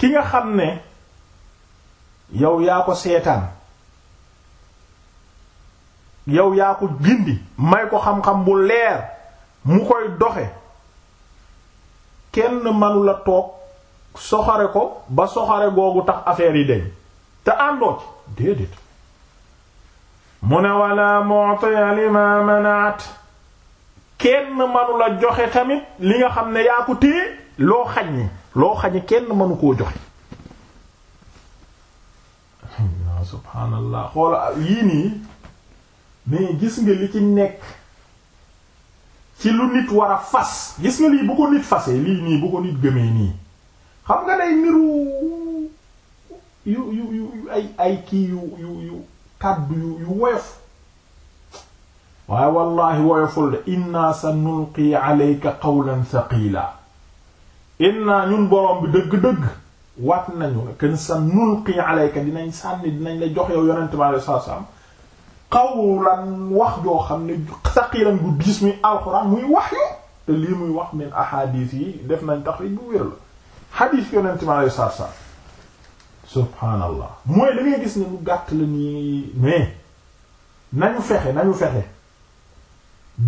ki nga xam ne yow yaa ko seetaan yow yaa ko gindi may ko xam-xam bu leer mu koy doxe kenn manu la toog soxare ko ba soxare googu tax affaire yi deñ te àndoo ci déedéet mu ne wala mu'tiya lima mana'at kenn manu la joxe tamit li nga xam ne yaa ko téye loo xañ loo xañ kenn mënu koo joxe yaa subhaanallah xoola yii nii mais gis nga li ci nekk ci lu nit war fas gis nga lii bu ko nit fasee lii nii bu ko nit gëmee nii xam nga day niru yu yu yu ay ay yu yu yu woyof waaye wallahi woyoful de inna sa nulqi alayka qawlan thaqila inna ñun borom bi dëgg-dëgg wat nañu ken sa nulqi alayka dinañ sànni dinañ la jox yow yonente bi alei satu wax joo xam ne saqiilan bu diis muy alxuraan muy wax yo te lii muy wax min ahadis yi def nañ tax bu wér la xadis yonente bi alei satu subhaanallah mooy da ngay gis ne mu gàtt la nii mais nañu fexe nañu fexe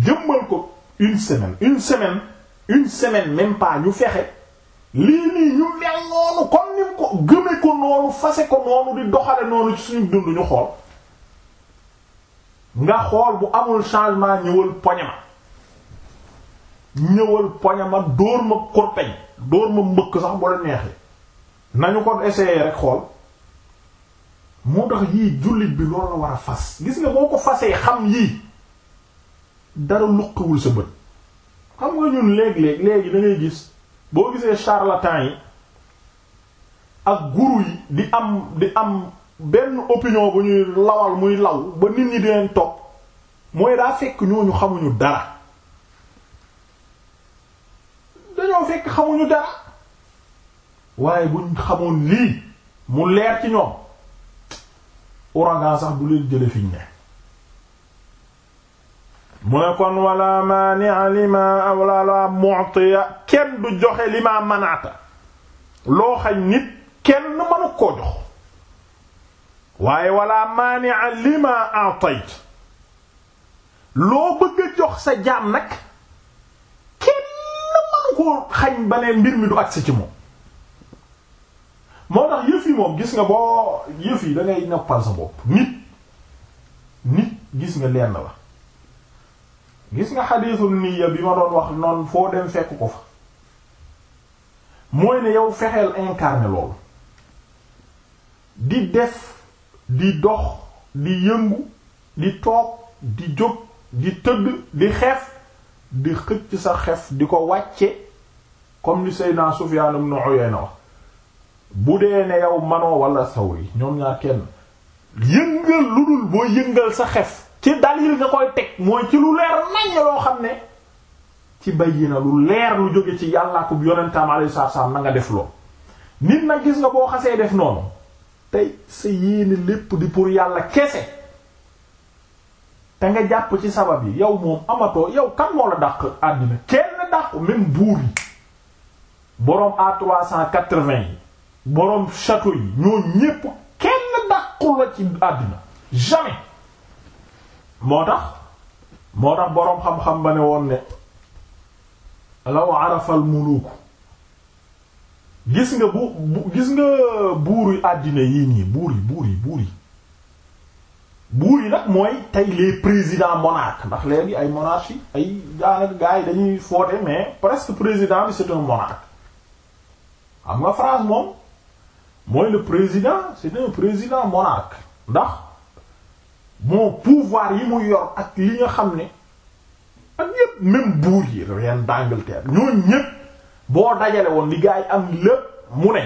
jëmmal ko une semaine une semaine une semaine même pas ñu fexe lii nii ñu mel noonu comme ni ko gëme ko noonu fase ko noonu di doxale noonu ci suñu dund ñu xool nga xool bu amul changement ñëwal poñe ma ñëwal poñe ma dóor ma korpeñ dóor ma mbëkk sax bu la neexee nañu ko essayer rek xool moo tax yii jullit bi loolu la war a fas gis nga boo ko fasee xam yii dara luqiwul sa bët xam nga ñun léeg-léeg léegi da gis boo gisee charlatan yi ak guru yi di am di am benn opinion bu ñuy lawal muy law ba nit ñi di leen topp mooy daa fekk ñooñu xamuñu dara dañoo fekk xamuñu dara waaye buñ xamoon lii mu leer ci ñoom ouragan sax du leen jële fiñ ne mu ne kon wala maania lima wala mu'tiya kenn du joxe lima manaata loo xañ nit kenn mënu koo jox waaye wala maania lima a'tayt loo bëgg a jox sa jaam nag kenn mënu koo xañ ba ne mbir mi du agsi ci moom moo tax yëf yi moom gis nga boo yëf yi da ngay noppal sa bopp nit nit gis nga lenn la gis nga xadiisul niyya bi ma doon wax noonu foo dem fekk ko fa mooy ne yow fexeel incarner loolu di def di dox di yëngu di toog di jóg di tëdd di xef di xëcc sa xef di ko wàcce comme li Seydina Sufyaan ibn Uyayna wax bu dee ne yow manoo wala sawri ñoom ñaar kenn yëngal lu dul boo yëngal sa xef ci dalil nga koy teg mooy ci lu leer nañ loo xam ne ci na lu leer lu jóge ci yàllaa ko yonentam alayhi salaam na nga def lool nit nag gis nga boo xasee def noonu tey sa yéene lépp di pour yàlla kese te nga jàpp ci sabab yi yow moom amatoo yow kan moo la dàq àddina kenn dàq même buur yi boroom A380 yi boroom château yi ñoo ñépp kenn dàqu la ci àddina jamais moo tax moo tax boroom xam-xam ba ne woon ne law arafal muluuk gis nga bu gis nga buur yu àddina yii nii buur yi buur yi buur yi buur yi nag mooy tey les présidents monarques ndax léegi ay monarchie ay daanaka gars yi dañuy foote mais presque président bi c'est un monarque xam nga France moom mooy le président c'est un président monarque ndax moo pouvoir yi mu yor ak li nga xam ne ak yépp même buur yi rien d'Angleterre ñooñu ñépp boo dajale woon li gaa yi am lépp mu ne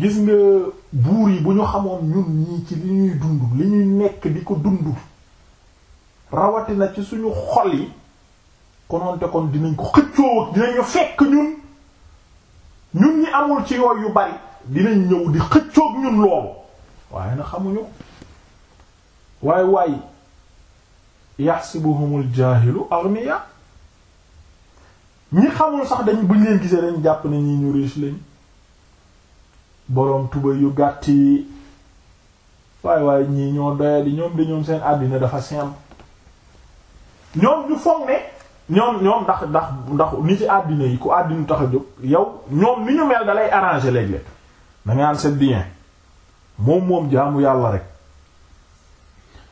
gis nga buur yi bu ñu xamoon ñun ñii ci li ñuy dund li ñuy nekk di ko dund rawatina ci suñu xol yi konoonte kon dinañ ko xëccoo dinañu fekk ñun ñun ñi amul ci yooyu yu bari dinañ ñëw di xëccoog ñun loolu waaye na xamuñu waaye waaye yaxsibuhumul jaahilu aghniya ñi xamul sax dañ buñ leen gisee dañ jàpp ne ñi ñu riche lañ boroom tuba yu gàtt yi waaye waaye ñii ñoo doyadi ñoom de ñoom seen àddina dafa simple ñoom ñu foog ne ñoom ñoom ndax ndax ndax ni ci àddina yi ku àddina tax a jóg yow ñoom ni ñu mel dalay arranger léeg-léeg am c'est bien moom moom jaamu yàlla rek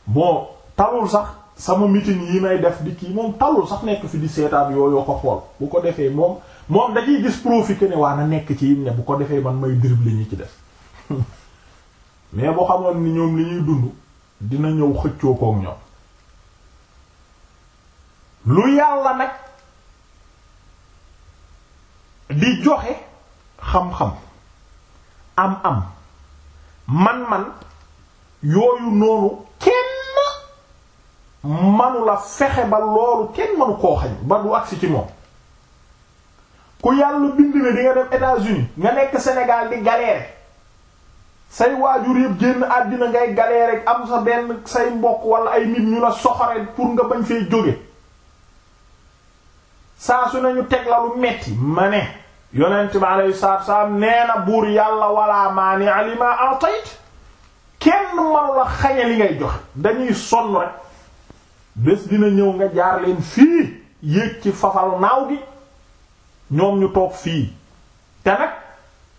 moo talul sax sama meeting yi may def di kii moom talul sax nekk fi di seetaan yooyu ko xool bu ko defee moom moom dañuy gis profit ne waa na nekk ci yim ne bu ko defee man may li ñu ci def mais boo xamoon ni ñoom li ñuy dund dina ñëw xëccoo kook ñoom lu yàlla nag di joxe xam-xam am am man-man yooyu noonu kenn manu fexe ba loolu kenn manu koo xañ ba du agsi ci moom ku yàlla bind ne di nga dem États-Unis nga nekk Sénégal di galérer say waajur yëpp génn àddina ngay galérer am sa benn say mbokk wala ay nit ñu la soxore pour nga bañ fee jóge saa su nañu teg la lu metti ma ne yonent bi alayhi salaatu salaam nee na buur yàlla wala maani alima atayt kenn manu la xañe li ngay joxe dañuy sonn rek bés dina ñëw nga jaar leen fii yéeg ci fafal naaw gi ñoom ñu toog fii te nag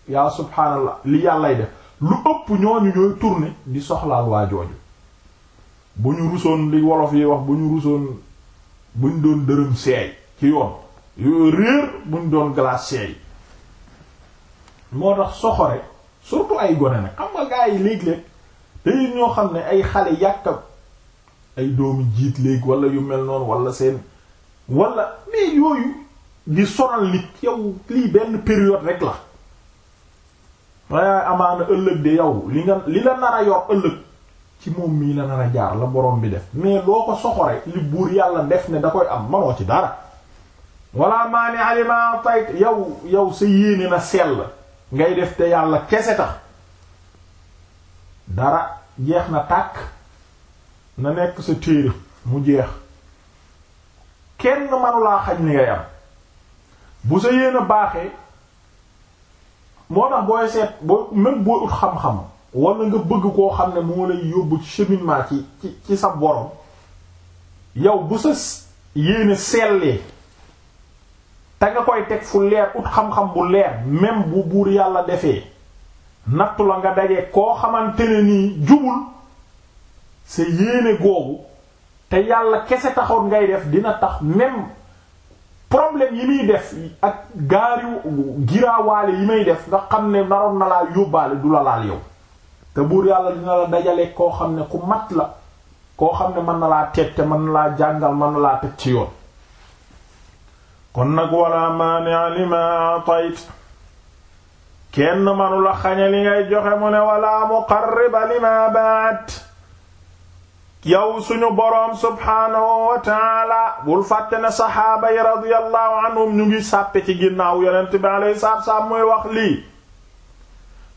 yaa subhaanallah li yàllay def lu ëpp ñooñu ñooy tourner di soxlaal waa jooju bu ñu rusoon li wolof yi wax bu ñu rusoon buñ doon dërëm seey ci yoon réer buñ doon glace seey moo tax soxore surtout ay gone nag xam nga gaa yi léeg-léeg day ñoo xam ne ay xale yàkka ay doomu jiit léegi wala yu mel noonu walla seen wala mais yooyu di sonal nit yow rek la waaye amaana ëllëg de yow li li la nar a yor ëllëg la a jaar la bi def mais loo ko li buur yàlla def ne da koy am manoo ci dara yow yow sa yéene na sell ngay def te yàlla kese tax dara jeex na tàkk na nekk sa téere mu jeex kenn manulaa xaj ni ngay am bu sa yéen baaxee moo tax booy seet boo même booy ut xam-xam wala nga bëgg koo xam ne moo lay yóbbu ci cheminement ci ci sa borom yow bu sa yéene sellee te nga koy teg fu leer ut xam-xam bu leer même bu buur yàlla defee nattu la nga daje koo xamante ne nii jubul sa yéene googu te yàlla kese taxoon ngay def dina tax même problème yi muy def ak gaariw giraawaale yi may def nga xam ne naroon na laa yóbbaale du la laal yow te buur yàlla dina la dajale koo xam ne ku mat la koo xam ne mën na laa teg te mën na laa jàngal mën na laa teg ci yoon kon nag wala maani'a limaa atayt kenn manu la xañe li ngay joxe mu ne wala muqarriba limaa ba'at yow suñu boroom subhaanahu wa taala bul fàtte ne saxaaba yi anhum ñu ngi sàppe ci ginnaaw yonent bi alayhi salaatu salaam muy wax lii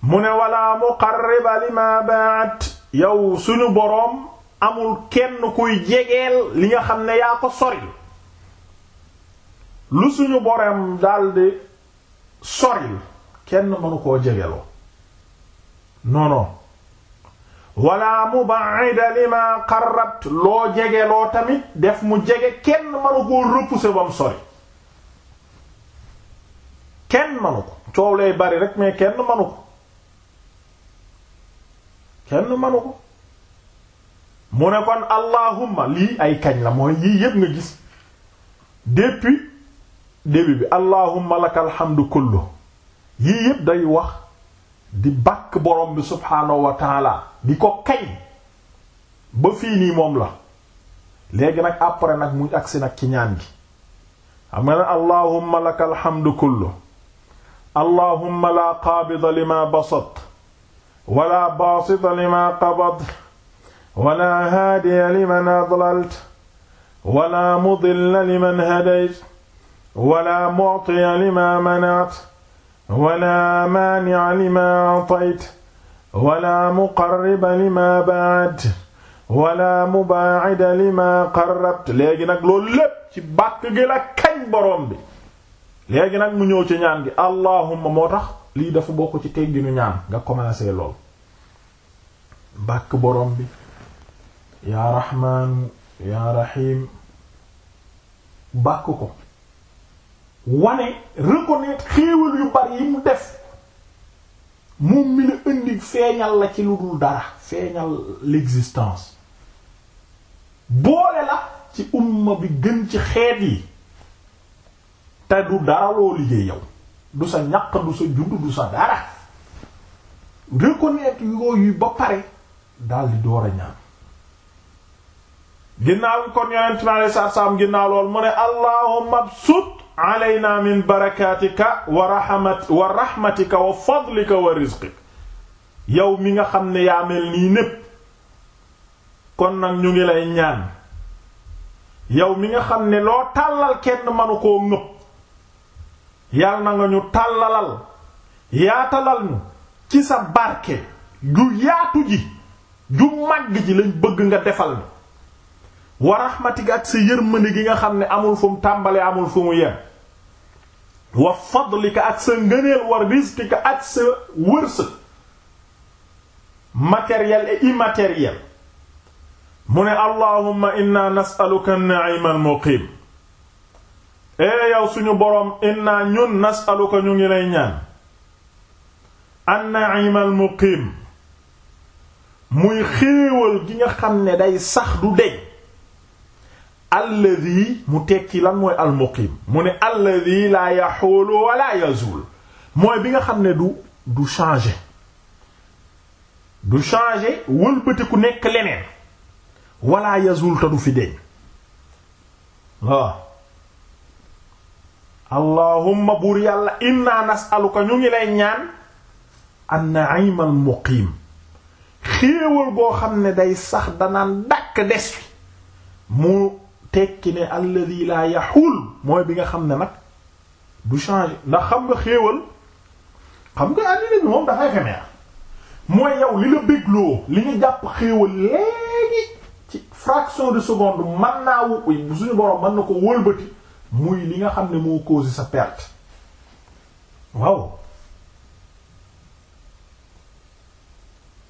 mu ne wala muqarriba lima ba'at yow suñu borom amul kenn kuy jegeel li nga xam ne yaa ko sori lu suñu boreem daldi soril kenn mënu koo jegeloo non non wala muba'ida lima qarrabt loo jegeloo tamit def mu jege kenn mënu koo repousser bam sori kenn mënu ko coow lay bari rek mais kenn mënu ko kenn mënu ko mu ne kon allahumma lii ay kañ la mooy yii yépp nga gis depuis début bi allahumma lakal hamdu kullu yii yépp day wax di bakk borom bi wa taala di ko kañ ba fii nii moom la léegi nag après nag mu agsi nag ci ñaan gi xam nga ne allahumma lakal hamdu kullu allahumma laa qaabida lima basat wala baasita lima qabad wala haadiya liman adlalt wala mudilla liman hadayt wala mu'tiya lima mana'ta wala maani'a lima a'tayta wala muqarriba lima ba'adta wala mubaa'ida lima qarrabta léegi nag loolu lépp ci bàkk gi la kañ boroom bi léegi nag mu ñëw ci ñaan gi allahumma moo tax lii dafa bokk ci tegginu ñaan nga commencé lool bàkk boroom bi yaa raxmaanu yaa raxiim bàkk ko wane reconnaître xéewal yu bari yi mu def moom mi la indi feeñal la ci lu dul dara feeñal l'existence boole la ci umma bi gën ci xeet yi te du dara loo liggéey yow du sa ñaq du sa jund du sa dara reconnaître yooyu ba pare dal di door a ñaan ginnaaw kon yonent mi alei satu salaam ginnaaw lool mu ne allahumma absut alayna min barakatika wa raxmat wa raxmatika wa fadlika mi nga xam ne yaa mel nii népp kon nag ñu ngi lay ñaan yow mi nga xam ne loo tàllal kenn mënu koo ngëp yal na nga ñu tàllalal yaatalal ñu ci sa barke ju yaatu ji ju màgg ji lañ bëgg nga defal ni wa rahmatika ak sa yërmande gi nga xam ne amul fu mu amul fu mu yem wa fadlika ak sa ngëneel wa rizqika ak sa wërsëg matériel et immatériel mu ne allahumma inna nas'aluka an-na'ima al-muqim ee yow suñu boroom inna ñun nas'aluka ñu ngi lay ñaan an-na'ima al-muqim muy xéewal gi nga xam ne day sax du deñ alladi mu tekki lan mooy almuqiim mu ne bi nga xam ne du du changer du changer wëlbatiku nekk leneen ah. buur yàlla inna nasaluka ñu ngi lay ñaan an-na'im al-muqiim xam ne day sax danaan dakk des mu tekki ne alladi laa yaxul mooy bi nga xam ne nag bu changer ndax xam nga xéewal xam nga àddina yow li la jàpp xéewal léegi ci fraction de seconde man naa wu suñu borom mën na ko wëlbati muy li nga xam ne moo causé sa perte waaw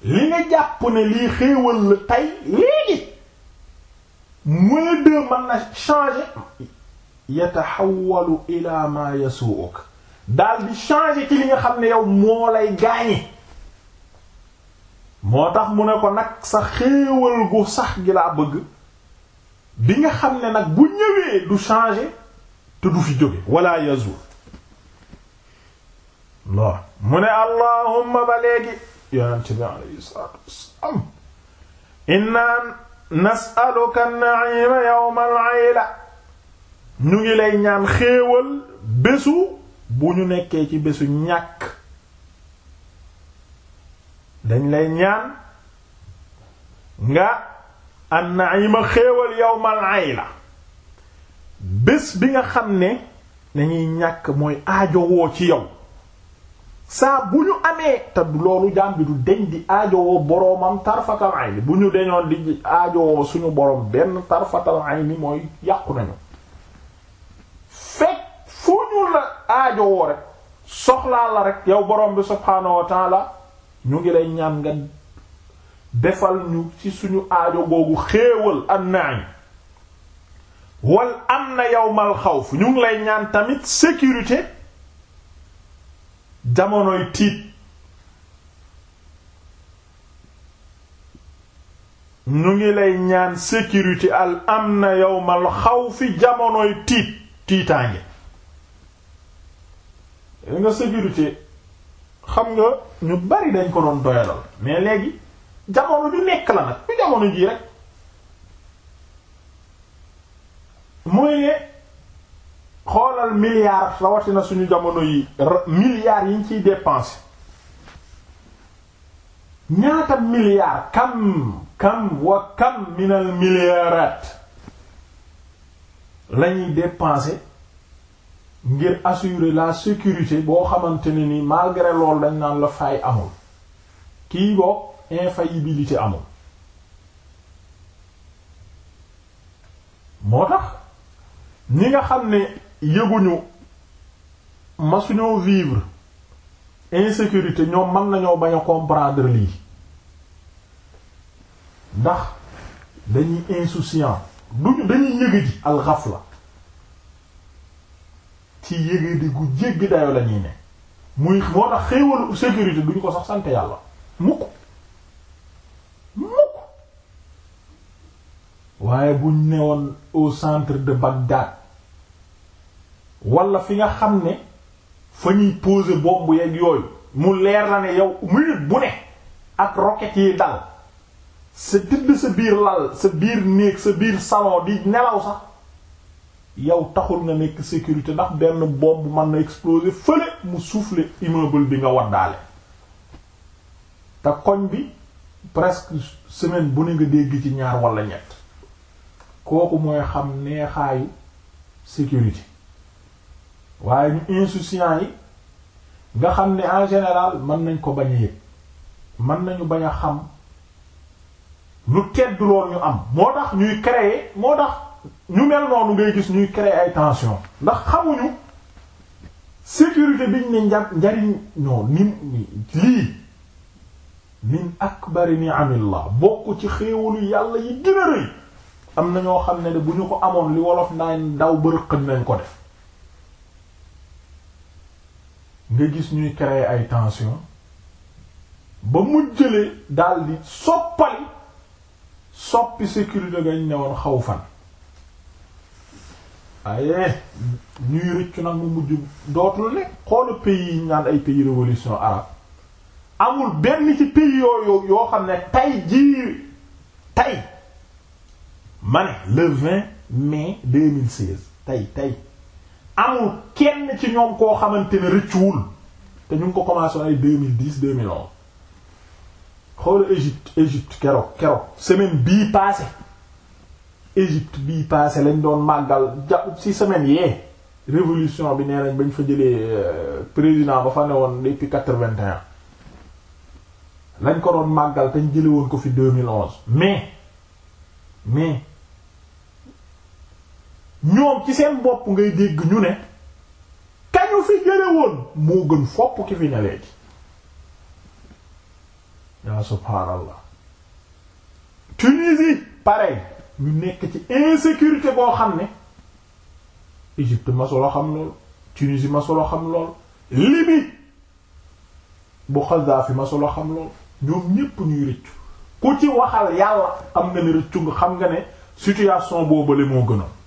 li nga jàpp ne lii xéewal la tey moins deux mën na changer yataxawalu ila ma li nga xam ne yow moo lay gaañe moo tax mu ne ko nag sa xéewal gu sax gi laa bëgg bi nga xam ne nag bu ñëwee du changer te du fi jóge wala yazul la mu ne allahumma ba léegi yonent bi alayhi salaatu wassalaam nasaluka an-na'ima yawma al-ayla ñu ngi lay ñaan xéewal bésu bu ñu nekkee ci bésu ñàkk dañ lay ñaan nga an-na'ima xéewal yawma al-ayla bés bi nga xam ne dañuy ñàkk mooy aajowoo ci yow saa bu ñu amee te loolu jaam deñ di aajowoo boroomam tarfatal ayni bu ñu deñoon di aajowoo suñu borom benn tarfatal ayni mooy yàqu nañu fekk fu ñu la aajowoo rek soxlaa la rek yow boroom bi subhaanahu wa taala ñu ngi lay ñaan nga defal ñu ci suñu aajo googu xéewal an-na'i wal amna yawmal xawf ñu ngi lay ñaan tamit sécurité jamonoy tiit ñu ngi lay ñaan sécurité al am na yow xaw xawfi jamonoy tiit tiitaange li nga sécurité xam nga ñu bari dañ ko doon doyalal mais léegi jamono ju nekk la nag bu jamono jii rek mooy ne xoolal milliard rawatina suñu jamono yi milliards yi ñu ciy dépensé ñaata milliards kam kam wa kam minal milliardaat la ñuy dépensé ngir assurer la sécurité boo xamante ne ni malgré loolu dañ naan la fay amul kii boobu infaillibilité amul moo tax ñi nga xam ne yëguñu masuñoo vivre insécurité ñoom mën nañoo bañ a comprendre lii ndax dañuy insouciant duñu dañuy yëgëji alxafla ci yëgëdi gu jéggi dayoo la ne muy moo tax xéewalu sécurité duñu ko sax sant yàlla mukk mukk waaye buñ newoon au centre de Bagdad wala fi nga xam ne fa ñuy poser bombe yeeg yooyu mu leer la ne yow minute bu ne ak roquette yi dal sa tëdd sa biir lal sa biir néeg sa biir salon di nelaw sax yow taxul nga nekk sécurité ndax benn bombe mën na exploser fële mu suufle immeuble bi nga waddaale te koñ bi presque semaine bu ne nga dégg ci ñaar walla ñett kooku mooy xam neexaayu sécurité waaye ñu insouciant yi nga xam ne en général man nañ ko bañ a yëg mën nañu bañ a xam lu tedd lool ñu am moo tax ñuy créer moo tax ñu mel noonu ngay gis ñuy créer ay tension ndax xamuñu sécurité biñ ne nja njariñ non nim lii min akbari ni'amillah bokk ci xéewalu yàlla yi gën a rëy am na ñoo xam ne de bu ñu ko amoon li wolof naan daw bërëqën nañ ko def nga gis ñuy créer ay tension ba mujjële daldi soppali soppi sécurité gañ ne woon xaw fan aye ñuy rëccu nag mu mujj dootul ne xoola pays yi ñaan ay pays révolution arabe amul benn ci pays yooyu yoo xam ne tey jii tey ma ne le 20 mai tey tey amul kenn ci ñoom koo xamante ne rëccuwul te ñu ngi ko commencé ay deux mille dix deux mille onze xoolal keroog keroog semaine bii passé Égypte bii passé lañ doon màggal jàpp si semaine yee révolution bi nee nañ bañ fa jëlee euh, président ba fa ne woon depuis quatre-vingt-un lañ ko doon màggal te ñu jëlee woon ko fi deux mille onze mais mais. ñoom ci seen bopp ngay dégg ñu ne kañu fi jële woon moo gën fopp ki fi ne léegi yaa subhaanallah Tunisie pareil ñu nekk ci insécurité boo xam ne Égypte ma solo xam lool Tunisie ma solo xam lool Libye bu Kadhafi ma solo xam lool ñoom ñépp ñuy rëccu ku ci waxal yàlla am nga ne rëccu nga xam nga ne situation boobale moo gënoon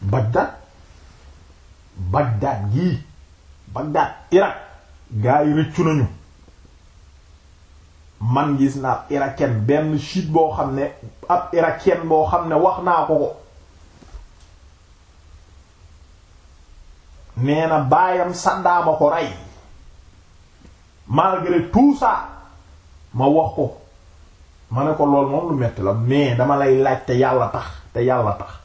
Bagdad Bagdad gii Bagdad Irak gaa yi rëccu nañu man gis naa ab irakien benn chiite boo xam ne ab irakien boo xam ne wax naa ko ko nee baayam sàddaama ko rey malgré tout ça ma wax ko ma ne ko lool moom lu metti la mais dama lay laaj te yàlla tax te yàlla tax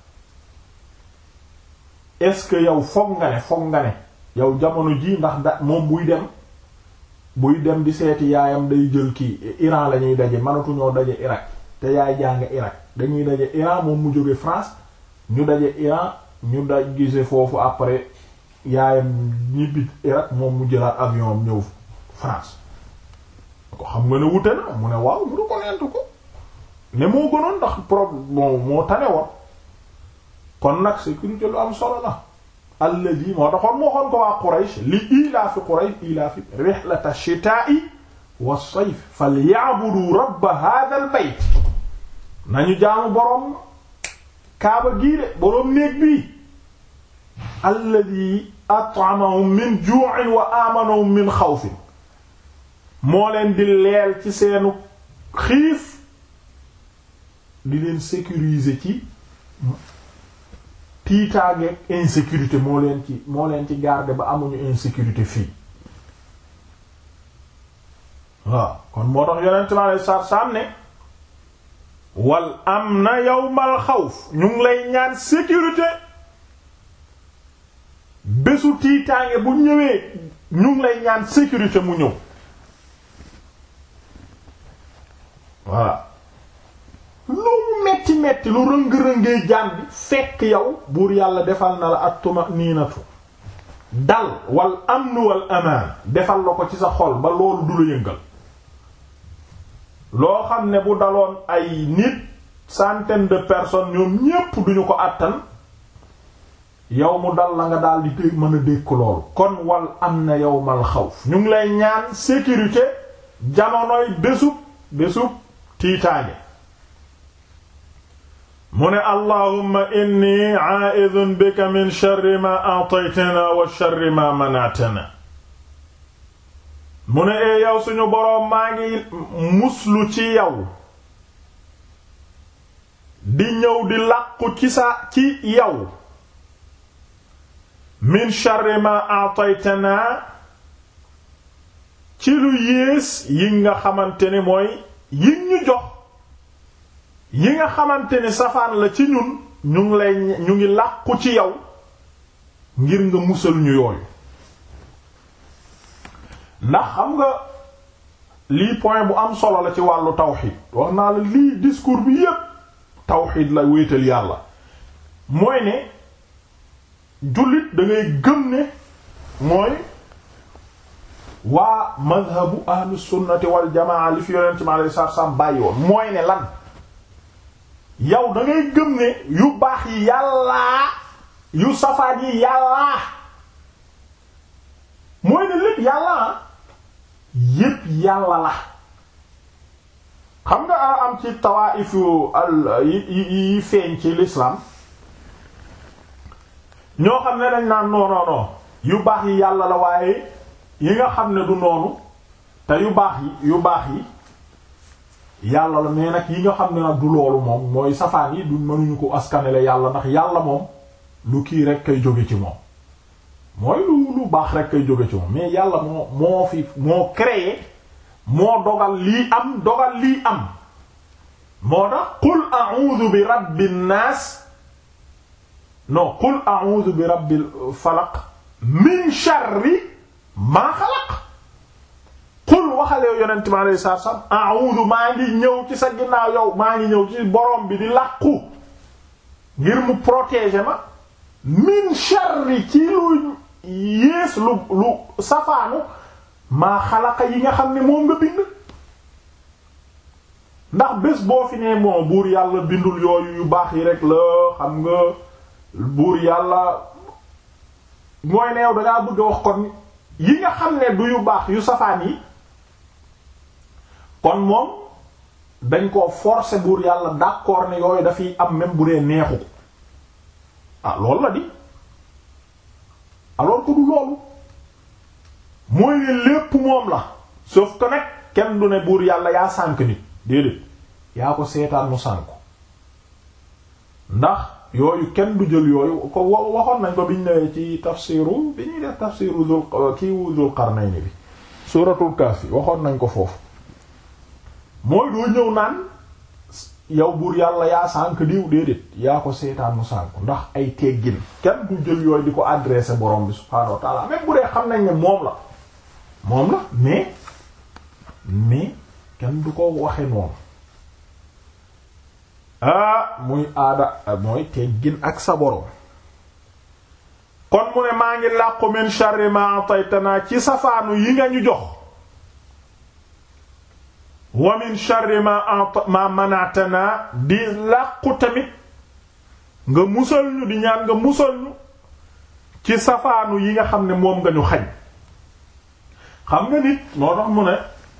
est-ce que yow foog nga ne foog nga ne yow jamono jii ndax da moom buy dem buy dem di seeti yaayam day jël kii Iran la ñuy daje mënatuñoo daje Irak te yaay jàng Irak dañuy daje Iran moom mu jóge France ñu daje Iran ñu daj gise foofu après yaayam ñibbi Irak moom mu jëlaat avion am ñëw France ko xam nga ne wute na mu ne waaw mu reconnaître ko ne moo gënoon ndax problème moo moo woon kon nag sécurité lu am solo la alladi moo taxoon moo xoon ko waa Quraysh li ilaafi Quraysh ilaafi rihlata shitaa'i wa sayf falya'budu rabba hadha al nañu jaamu boroom kaaba gii de boroom néeg bii alladi at'amahum min ju'in wa amanahum min moo leen di leel ci seenu xiif di leen sécuriser ci tiitaange insécurité moo leen ci moo leen ci garder ba amuñu insécurité fii waaw kon moo tax yonent mi alei satu salaam ne wal am na yawmal xawf ñu ngi lay ñaan sécurité bésu tiitaange bu ñëwee ñu lay ñaan sécurité mu ñëw voilà metti lu rëng-rëngee jaam bi fekk yow buur yàlla defal na la at-tuma'ninatu dal wal amn wal amaan defal la ko ci sa xol ba loolu du la yëngal loo xam ne bu daloon ay nit centaine de personnes ñoom ñépp duñu ko àttan yow mu dal la nga daal di dé mën a dékk loolu kon wal am na yawmal xawf ñu ngi lay ñaan sécurité jamonoy bésub bésub tiitaange mu ne allahumma inni a'idhun bika min sharri ma a'taytana wa sharri ma mana'tana mu ne ee yow suñu boroom maa ngi muslu ci yow di ñëw di làqu ci sa ci yow min sharri ma a'taytana ci lu yées yi nga xamante ni mooy yi ñu jox yi nga xamante ni safaan la ci ñun ñu ngi ñu ngi làqu ci yow ngir nga musal ñu yooyu ndax xam nga lii point bu am solo la ci wàllu tawxid wax naa la lii discours bi yépp tawxid la wéetal yàlla mooy ne jullit da ngay gëm ne mooy waa madhabu ahlus sunnati wal jamaa li fi yonent mi alayhi salaatu salaam bàyyi woon mooy ne lan yow da ngay gëm ne yu baax yi yàllaa yu safaat yi yàllaa mooy ne lépp yàllaa yépp yàlla la xam nga a am ci tawaif yu al yi feeñ ci l'islam ñoo xam ne dañ naan non yu baax yi yàlla la waaye yi nga xam ne du noonu te yu baax yu baax yi yàlla la mais nag yi nga xam ne nag du loolu moom mooy safaan yi du mënuñu ko askanele yàlla ndax yàlla moom lu kii rek kay jóge ci moom mooy lu lu baax rek kay jóge ci moom mais yàlla moo moo fi moo créé moo dogal lii am dogal lii am moo tax qul a'udhu bi rabbin naas non qul a'udhu bi rabbil falaq min sharri ma xalaq xul waxalee yonent bi alayhi salaatu salaam maa ngi ñëw ci sa ginnaaw yow maa ngi ñëw ci borom bi di làqu ngir mu protéger ma min sharri ci lu yées lu lu safaanu maa xalaqa yi nga xam ne moom nga bind ndax bés boo fi nee moo buur yàlla bindul yooyu yu baax yi rek la xam nga buur yàlla mooy neew dangaa bëgg a wax kon yi nga xam ne du yu baax yu safaan yi kon moom dañ koo forcer buur yàlla d'accord ne yooyu dafiy am même bu dee neexu ko ah loolu la di alors que du loolu mooy ne lépp moom la sauf que nag kenn du ne buur yàlla yaa sànk nit déedéet yaa ko seetaan mu sànk ndax yooyu kenn du jël yooyu ko waxoon nañ ko biñ newee ci tafsiru bi ñuy def tafsiru dul kiiwu dul qarnayni bi waxoon nañ ko foofu mooy doo ñëw naan yow buur yàlla yaa sànk diw déedéet yaa ko seetaan mu sànk ndax ay teggin kenn du jël yooyu di ko adressé borom bi subhaanahu wa taala même bu dee xam nañ ne moom la moom la mais mais kenn du ko waxe noonu ah muy aada mooy teggin ak sa borom kon mu ne maa ngi làqu min sharri ma naa ci safaanu yi nga ñu jox wa min sharri ma ma manatana di làqu tamit nga musal ñu di ñaan nga musal ñu ci safaanu yi nga xam ne moom nga ñu xañ xam nga nit moo tax mu ne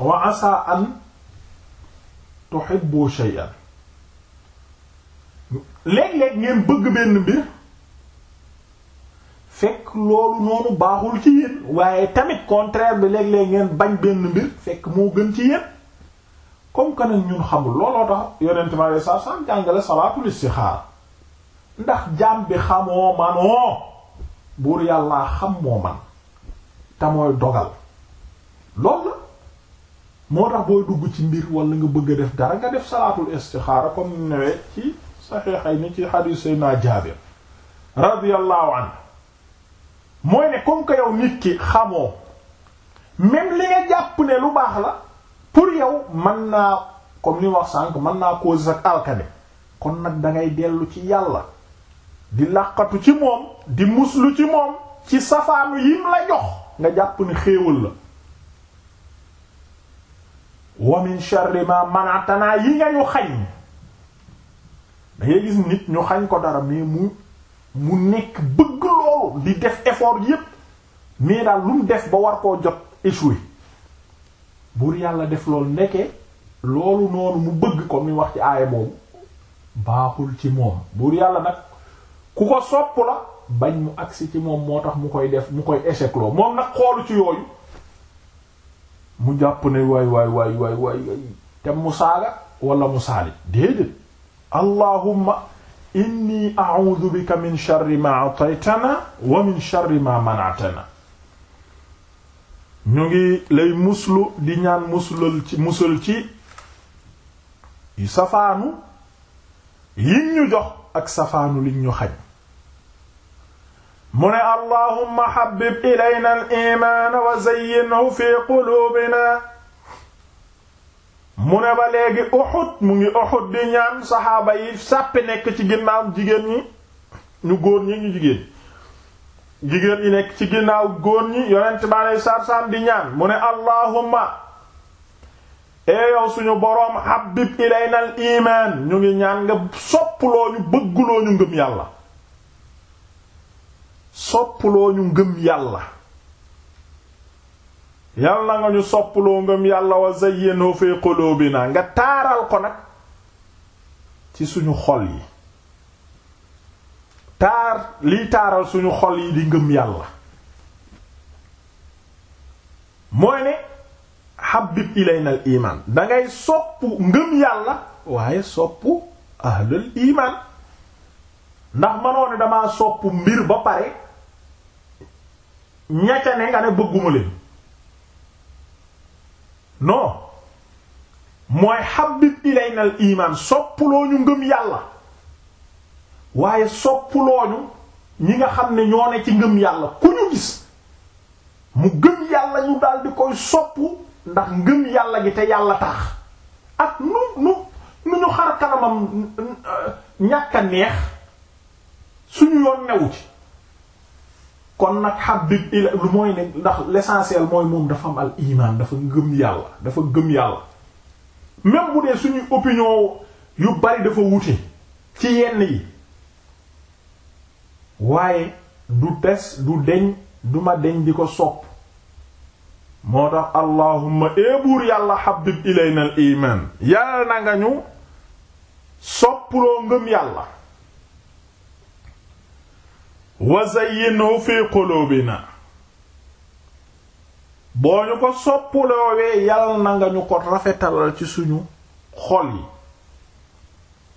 wa asa an tuhibbu shay'an léeg-léeg ngeen bëgg benn mbir fekk loolu noonu baaxul ci yéen waaye tamit contraire bi léeg-léeg ngeen bañ benn mbir fekk moo gën ci yéen comme que nag ñun xamul looloo tax yonente ma alei sat salaam jàngale salaatul istixaara ndax jaam bi xamoo manoo buur yàllaa xam moo man te mooy dogal loolu la moo tax booy dugg ci mbir wala nga bëgg a def dara nga def salaatul istixaara comme ñu newee ci saxiixay ni ci xadiis Seydina Jaabir radiyallahu anhu mooy ne comme que yow nit ki xamoo même li nga jàpp ne lu baax la pour yow man naa comme ni wax sànq mën naa cause ak alkane kon nag dangay dellu ci yàlla di làqatu ci moom di muslu ci moom ci safaanu yim la jox nga jàpp ni xéewal la wa min sharri ma manaatanaa yi nga ñu xañ da gis nit ñu xañ ko dara mais mu mu nekk bëgg loolu di def effort yépp mais daal lu mu def ba war koo jot échoué buur yàlla def loolu ndeke loolu noonu mu bëgg ko ni wax ci aaya boobu baaxul ci moom buur yàlla nag ku ko sopp la bañ mu agsi ci moom moo tax mu koy def mu koy échec loo moom nag xoolu ci yooyu mu jàpp ne waay waay waay waay te mu saaga wala mu saali déedéet allahumma inni a'udhu bika min sharri ma ataytana wa min sharri ma man'atana ñu ngi lay muslu di ñaan muslul ci musal ci safaanu yi ñu jox ak safaanu liñ ñu xaj mu ne allahumma habbib ilayna al iman wa zayyinhu fi qulubina mu ne ba léegi Uhud mu ngi Uhud di ñaan saxaaba yi sàppi nekk ci ginnaaw jigéen ñi ñu góor ñi ñu jigéen jigéen yi nekk ci ginnaaw góor ñi yonent bi aleyhi salaatu salaam ñaan mu ne allahumma ee yow suñu boroom habib ilayna al iman ñu ngi ñaan nga soppuloo ñu bëgguloo ñu ngëm yàlla soppuloo ñu ngëm yàlla yàlla nga ñu soppuloo ngëm yàlla wa zayyinhu fi qulubina nga taaral ko nag ci suñu xol yi taar liy taaral suñu xol yi di ngëm yàlla mooy ne habib ilayna al iman dangay soppu ngëm yàlla waaye soppu ahlul iman ndax manoon ne damaa soppu mbir ba pare ñacca ne nga ne bëgguma leen non mooy habib ilayna al iman soppuloo ñu ngëm yàlla waaye soppulooñu ñi nga xam ne ñoo ne ci ngëm yàlla ku ñu gis mu gëm yàlla ñu daal di koy soppu ndax ngëm yàlla gi te yàlla tax ak nu nu nu ñu xar kanamam euh, ñàkk a neex suñu yoon newu kon nag habib ila lu mooy ne ndax l'essentiel mooy moom dafa am al dafa ngëm yàlla dafa gëm yàlla même bu dee suñuy opinion yu bari dafa wuute ci yenn yi waaye du tes du deñ duma ma deñ di ko sopp moo tax allahumma eebuur yàlla habib ilayna al iman yàlla na nga ñu soppuloo ngëm yàlla wa zayyinhu fi qulubina boo ñu ko soppuloo wee yàlla na nga ñu ko rafetalal ci suñu xol yi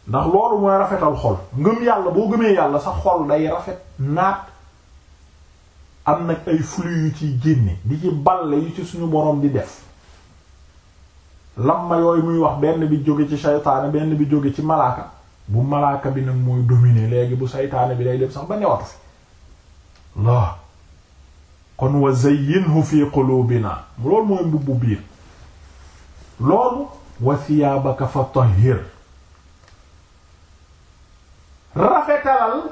ndax loolu mooy rafetal xol ngëm yàlla boo gëmee yàlla sax xol day rafet naat am nag ay flux yu ciy génne di ci balle yu ci suñu boroom di def lamma yooyu muy wax benn bi jóge ci saytaane benn bi jóge ci malaaka bu malaaka bi nag muy dominer léegi bu saytaane bi day dem sax ba newatu fi laa kon wa zayyinhu fi qulubina loolu mooy mbubbu biir loolu wa thiyaabaka fa tahhir rafetalal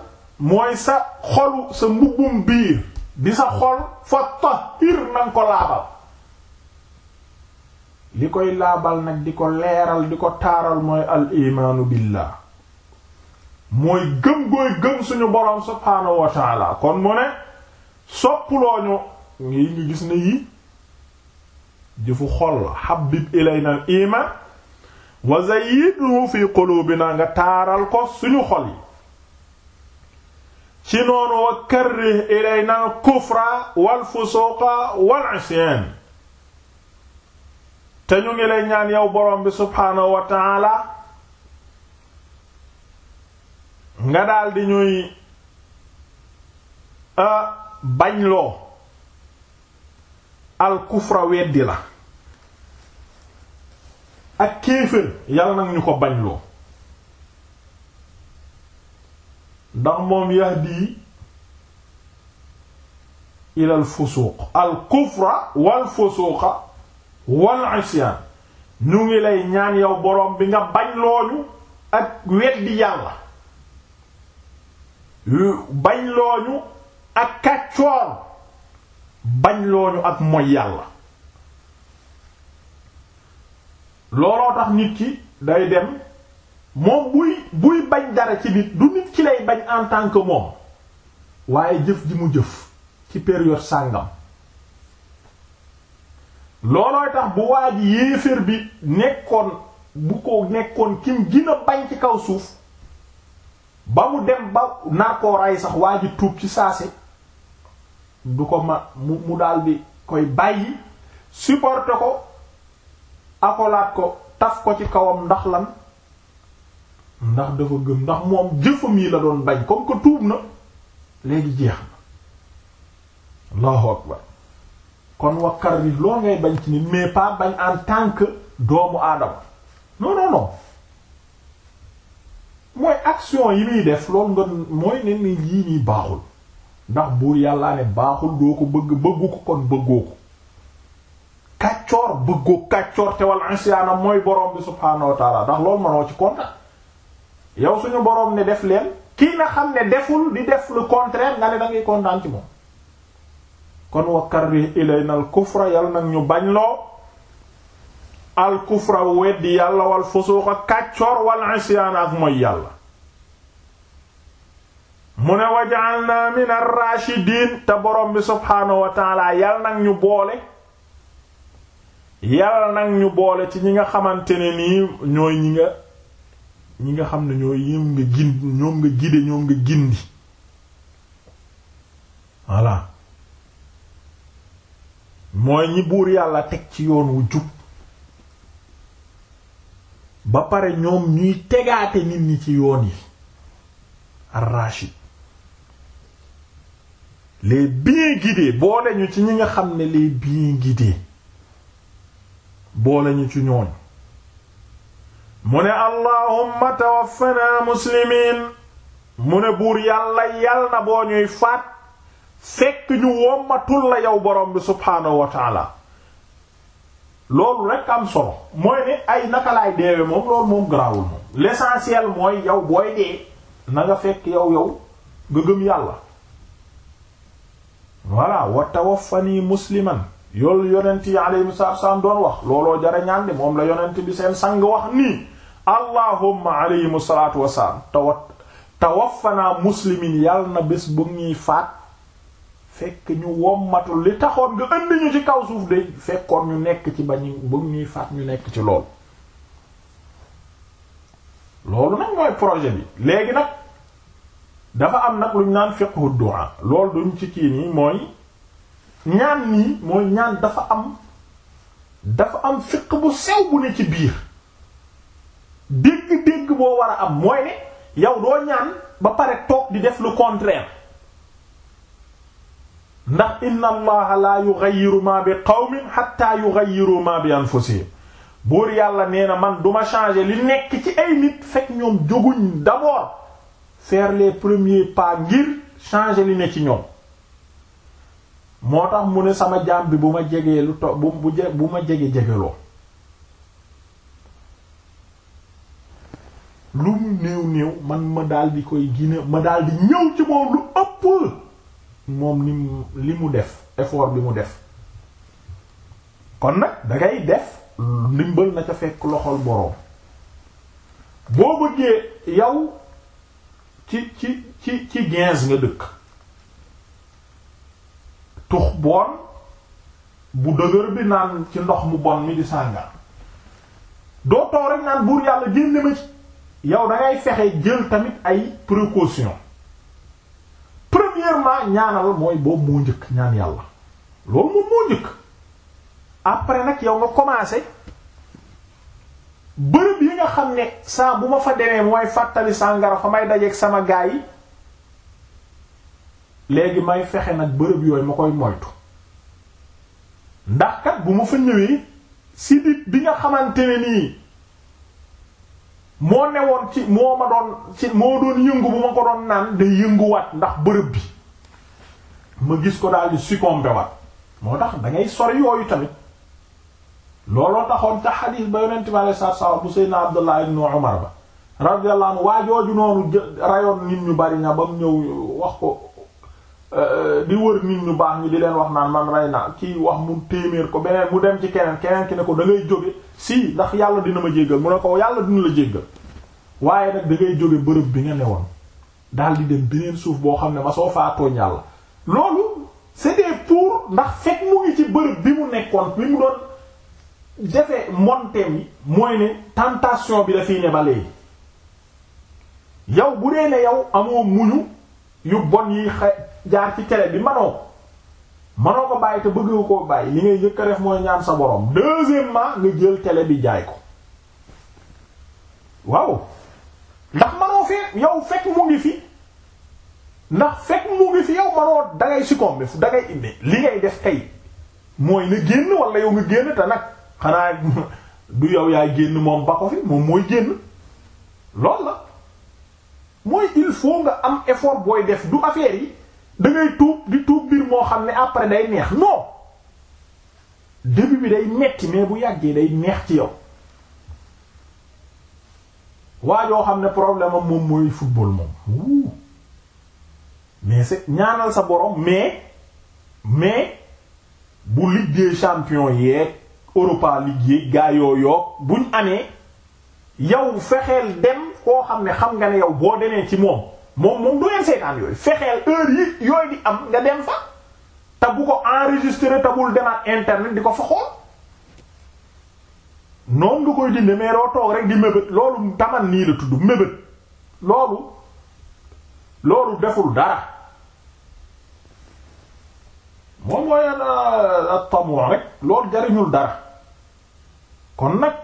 mooy sa xolu sa mbubbum biir di sa xol fa tahir nanga ko laabal li koy laabal nag di ko leeral di ko taaral mooy al imaanu billah mooy gëm gooy gëm suñu boroom subhaanahu wa taala kon mu ne soppulooñu ngi ngi gis ne yi jëfu xol habib ilayna al iman wa zayyidhu fi qulubina nga taaral ko suñu xol yi ci noonu wa karrih ilayna al kufra wal fusuqa wal isyan te ñu ngi lay ñaan yow borom bi subhaanahu wa nga daldi ñuy bañ loo al kufra weddi la ak kéefër yàlla nag ñu ko bañ loo ndax moom yahdi ila al fusuuq al wal fusuuqa wal isyaan ñu ngi lay ñaan yow boroom bi nga bañ looñu ak weddi yàlla bañ looñu ak kàccoor bañ looñu ak moy yàlla looloo tax nit ki day dem moom buy buy bañ dara ci nit du nit ki lay bañ en tant que moom waaye jëf ji mu jëf ci période sàngam loolooy tax bu waa ji yéeféer bi nekkoon bu ko nekkoon kim gën bañ ci kaw suuf ba mu dem ba nar koo rey sax waa ji tuub ci saase du ko ma mu mu daldi koy bàyyi supporter ko akolaat ko taf ko ci kawam ndax lan ndax dafa gëm ndax moom jëfam yi la doon bañ comme ko tuub na léegi jeex na allahu akbar kon wakkar bi loo ngay bañ ci nit mais pas bañ en tànk doomu aadama non non mooy action yi muy def loolu nga mooy ne ni yii nii baaxul ndax buur yàlla ne baaxul doo ko bëgg bëggu ko kon bëggoo ko kàccoor bëggoo kàccoor te wal insiyaana mooy borom bi subhaanahu wa taala ndax loolu manoo ci kontaan yow suñu boroom ne def leen kii nga xam ne deful di def le contraire nga ne da ngay kontaan ci moom kon wa karri ilayna al kufra yàlla nag ñu bañ loo al kufra weddi yàlla wal fusuuqa kàccoor wal isyaan ak mooy yàlla mu ne waj'alna min ar-rashidin te borom bi subhaanahu wa taala yàlla nag ñu boole yàlla nag ñu boole ci ñi nga xamante ne nii ñooy ñi nga ñi nga xam ne ñooy ñoom nga gindi ñoom nga gide ñoom nga gindi voilà mooy ñi buur yàlla teg ci yoon wu jub ba pare ñoom ñuy tegaate nit ñi ci yoon yi ar-rashid les bien guidés boole ñu ci ñi nga xam ne les bien guidés boole ñu ci ñooñ mu ne allahumma tawaffana muslimiin mu ne buur yàlla yàlla na boo ñuy faat fekk ñu wommatul la yow borom bi subhaanahu wa taala loolu rekk am solo mooy ne ay naka laay deewe moom loolu moom garaawul moom l'essentiel mooy yow booy dee na nga fekk yow yow nga gëm yàlla voilà wa tawaffani musliman yoolu yonent yi aleyhimu salaam doon wax looloo jara moom la yonent bi seen sang wax nii allahumma alayhimu salaatu wassalaam tawat tawaffanaa muslimin yàlla na bés bu ñuy faat fekk ñu wommatul li taxoon nga indi ñu ci kaw suuf de fekkoon ñu nekk ci ba ñu bëgg ñuy faat ñu nekk ci lool loolu nag mooy projet bi léegi nag dafa am nag luñ naan fiqhu du'a loolu duñ ci kii nii mooy ñaan nii mooy ñaan dafa am dafa am fiq bu sew bu ne ci biir dégg-dégg boo war a am mooy ne yow doo ñaan ba pare toog di def lu contraire ndax inna allaha la yughayyiru ma bi qawmin hatta yughayyiru ma bi anfusihim buur yàlla nee na man duma changer li nekk ci ay nit fekk ñoom jóguñ d'abord faire les premier pas ngir changer li ne ci ñoom moo tax mu ne sama jaam bi bu ma jegee lu to bu bu ma jege jegeloo lu mu néew néew man ma daal koy gina ma daal di ñëw ci moom lu ëpp moom li mu def effort bi mu def kon nag dangay def ndimbal na ca fekk loxol boroom boo bëggee yow ci ci ci ci nga dëkk tux bon bu dëgër bi naan ci ndox mu bon mi di sàngar doo toog rek naan buur yàlla génne ma ci yow da fexe jël tamit ay précaution premièrement ñaanal mooy boobu moo njëkk ñaan yàlla loolu moom moo njëkk après nag yow nga commencé bërëb yi nga xam ne saa bu ma fa demee mooy fàttali sàngara fa may dajeeg sama gaa yi léegi may fexe nag bërëb yooyu ma koy moytu ndax kat bu ma fa ñëwee sidit bi nga xamante nii moo newoon ci moo ma doon ci moo doon yëngu bu ma ko doon naan day yënguwaat ndax bërëb bi ma gis ko daal di succombé waat moo tax dangay ngay yooyu tamit looloo taxoon te xadiis ba yonent bi alayhi salaatu salaam bu Seydina Abdullah ibn Umar ba radiyallahu anhu waa noonu rayoon nit ñu bari na ba mu ñëw wax ko Euh, euh, di wër nit ñu baax ñi di leen wax naan man rey naa kii wax mu téeméer ko beneen mu dem ci keneen keneen ki ne ko dangay ngay jóge si ndax yàlla dina ma jéggal mu ne ko yàlla dina la jéggal waaye nag da jóge bërëb bi nga newoon daal di dem beneen suuf boo xam ne ma soo faa tooñ yàlla loolu c'était pour ndax fekk mu ngi ci bërëb bi mu nekkoon bi mu doon defee monteem yi mooy ne tentation bi dafiy ne ba léegi yow bu dee ne yow amoo muñu yu bon yi xa jaar ci tele bi manoo ko manoo ko bàyyi te ko koo bàyyi li ngay njëkk a def mooy ñaan sa borom deuxièmement nga jël tele bi jaay ko waaw ndax manoo fee yow fekk mu ngi fi ndax fekk mu ngi fi yow manoo dangay succomber fu dangay indi li ngay def kay mooy nga génn wala yow nga génn te nag xanaa du yow yaay génn moom ba ko fi moom mooy génn lool la mooy il faut nga am effort booy def du affaire yi da ngay tuub di tuub mbir moo xam ne après day neex non début bi day metti mais bu yàggee day neex ci yow waa yoo xam ne problème am moom mooy football moom mais c'est ñaanal sa borom mais mais bu Ligue des champions yeeg Europa League yeeg gaa yoo yoog buñ amee yow fexeel dem koo xam ne xam nga ne yow boo demee ci moom moom moom du leen seetaan yooyu fexeel heure yi yooyu di am nga dem fa te ko enregistré te bul demaat internet di ko fa xool noonu nga koy dindi mais doo toog rek di mébét loolu taman nii la tudd mébét loolu loolu deful dara moom mooy tamoon rek loolu jariñul dara kon nag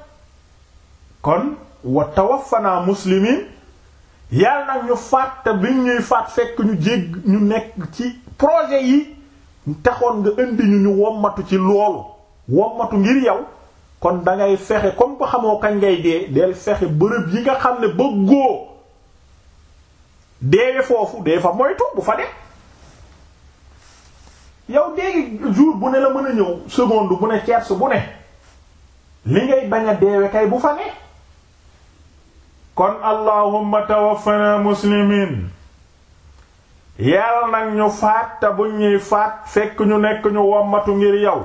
kon wa tawaffanaa muslimiin yàlla nag ñu faat te biñ ñuy faat fekk ñu jégg ñu nekk ci projet yi taxoon nga indi ñu ñu wommatu ci loolu wommatu ngir yow kon dangay ngay fexe comme ko xamoo kañ ngay dee del fexe bërëb yi nga xam ne bëggoo deewe foofu dee fa moytu bu fa de yow déegi jur bu ne la mën a ñëw seconde bu ne tierce bu ne li ngay bañ a deewe kay bu fa ne kon allahumma tawaffana muslimiin yàlla nag ñu faat te buñ ñuy faat fekk ñu nekk ñu wommatu ngir yow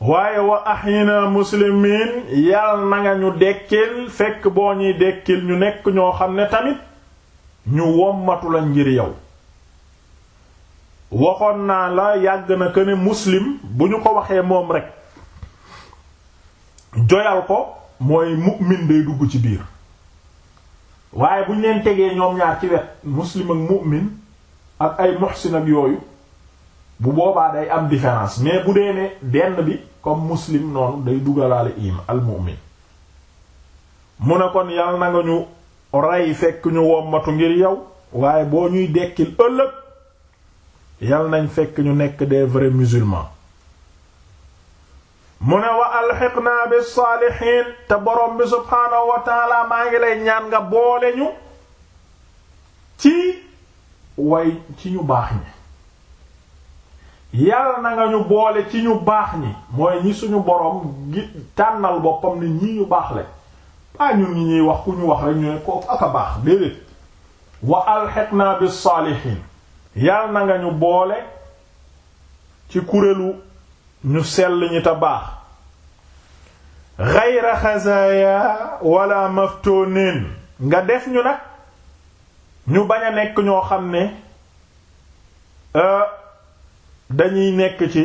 waaye wa ahyina muslimiin yàlla na nga ñu dekkil fekk boo ñuy dekkil ñu nekk ñoo xam ne tamit ñu wommatu la ngir yow waxoon naa la yàgg na ko ne muslim bu ñu ko waxee moom rekk joyal ko mooy mu'min day dugg ci biir waaye buñ leen tegee ñoom ñaar ci wet muslim ak mu'min ak ay muhsin ak yooyu bu boobaa day am différence mais bu dee ne benn bi comme muslim noonu day dugalaale iim al mu'min mu ne kon yàlla na nga ñu rey fekk ñu wommatu ngir yow waaye boo ñuy dekkil ëllëg yàlla nañ fekk ñu nekk des vrais musulmans mu ne wa alxiqnaa bis saalixiin te boroom bi subhaanahu wa maa ngi lay ñaan nga boole ñu ci way ci ñu baax ñi yàlla na nga ñu boole ci ñu baax ñi mooy ñi suñu boroom gi tànnal boppam ni ñii ñu baax lañ ah ñun ñi ñuy wax ku ñu wax rek ñu ne ko a baax déedéet wa alxiqnaa bis saalixiin yàlla na nga ñu boole ci kurélu ñu sell ñi te baax xayra xazaaya wala maftunin nga def ñu nag ñu bañ a nekk ñoo xam ne euh, dañuy nekk ci